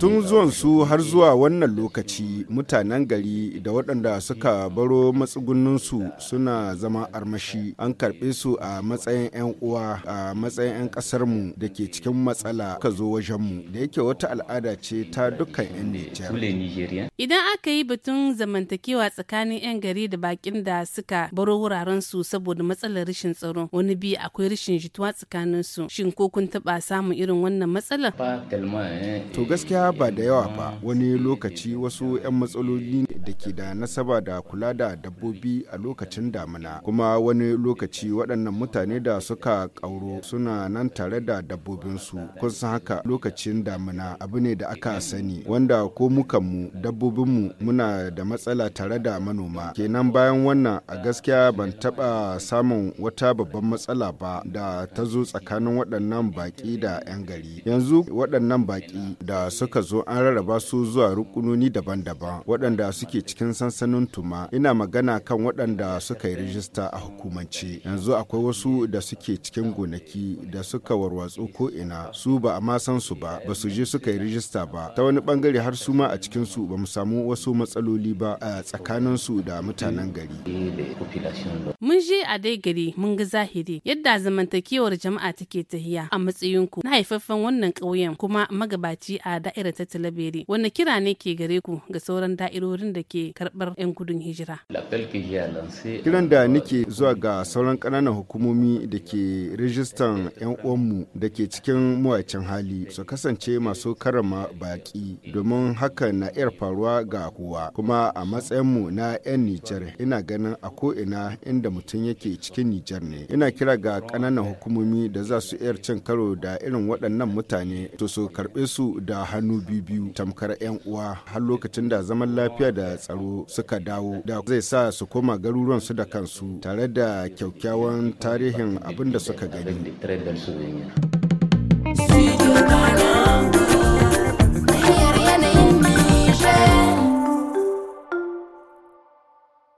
Tun zuwan su har zuwa wannan lokaci mutanen gari da waɗanda suka baro matsugunninsu suna zama armashi an karɓe su a matsayin 'yan uwa a matsayin 'yan mu da ke cikin matsala ka zo mu da yake wata al'ada ce ta dukkan 'yan Nijar. Idan aka yi batun zamantakewa tsakanin 'yan gari da bakin da suka baro wuraren su saboda matsalar rashin tsaro wani bi akwai rashin jituwa tsakanin su shin ko kun taɓa samun irin wannan matsalar? Eh, to gaskiya ba da yawa ba eh. wani lokaci wasu 'yan matsaloli da ke da nasaba da kula da dabbobi a lokacin damina kuma wani lokaci waɗannan mutane da suka ƙauro suna nan tare da dabbobinsu kun haka lokacin damina abu ne da aka sani wanda ko mukanmu dabbobinmu muna da matsala tare da manoma kenan bayan wannan a gaskiya ban taɓa samun wata babban matsala ba da ta zo tsakanin waɗannan baƙi da 'yan gari yanzu waɗannan baƙi da suka zo an rarraba su zuwa rukunoni daban-daban waɗanda suke ke cikin sansanin tuma ina magana kan waɗanda suka yi rijista a hukumance yanzu akwai wasu da suke cikin gonaki da suka warwatsu ko ina su ba a ma san su ba ba su je suka yi rijista ba ta wani bangare har su ma a cikin su ba mu samu wasu matsaloli ba a tsakanin su da mutanen gari mun je a dai gari mun ga zahiri yadda zamantakewar jama'a take tahiya a matsayinku na haifaffen wannan ƙauyen kuma magabaci a da'irar ta talabere wanda kira ne ke gare ku ga sauran da'irorin da ke karɓar 'yan gudun hijira. Kiran da nake zuwa ga sauran ƙananan hukumomi da ke rijistan 'yan uwanmu da ke cikin mawacin hali su kasance masu karama baƙi domin hakan na iya faruwa ga kowa kuma a matsayinmu na 'yan Nijar ina ganin a ko'ina inda mutum yake cikin Nijar ne. Ina kira ga ƙananan hukumomi da za su iya cin karo da irin waɗannan mutane to su karɓe su da hannu biyu tamkar 'yan uwa har lokacin da zaman lafiya da tsaro suka dawo da zai sa su koma garuruwan su da kansu tare da kyakkyawan tarihin abin da suka gani.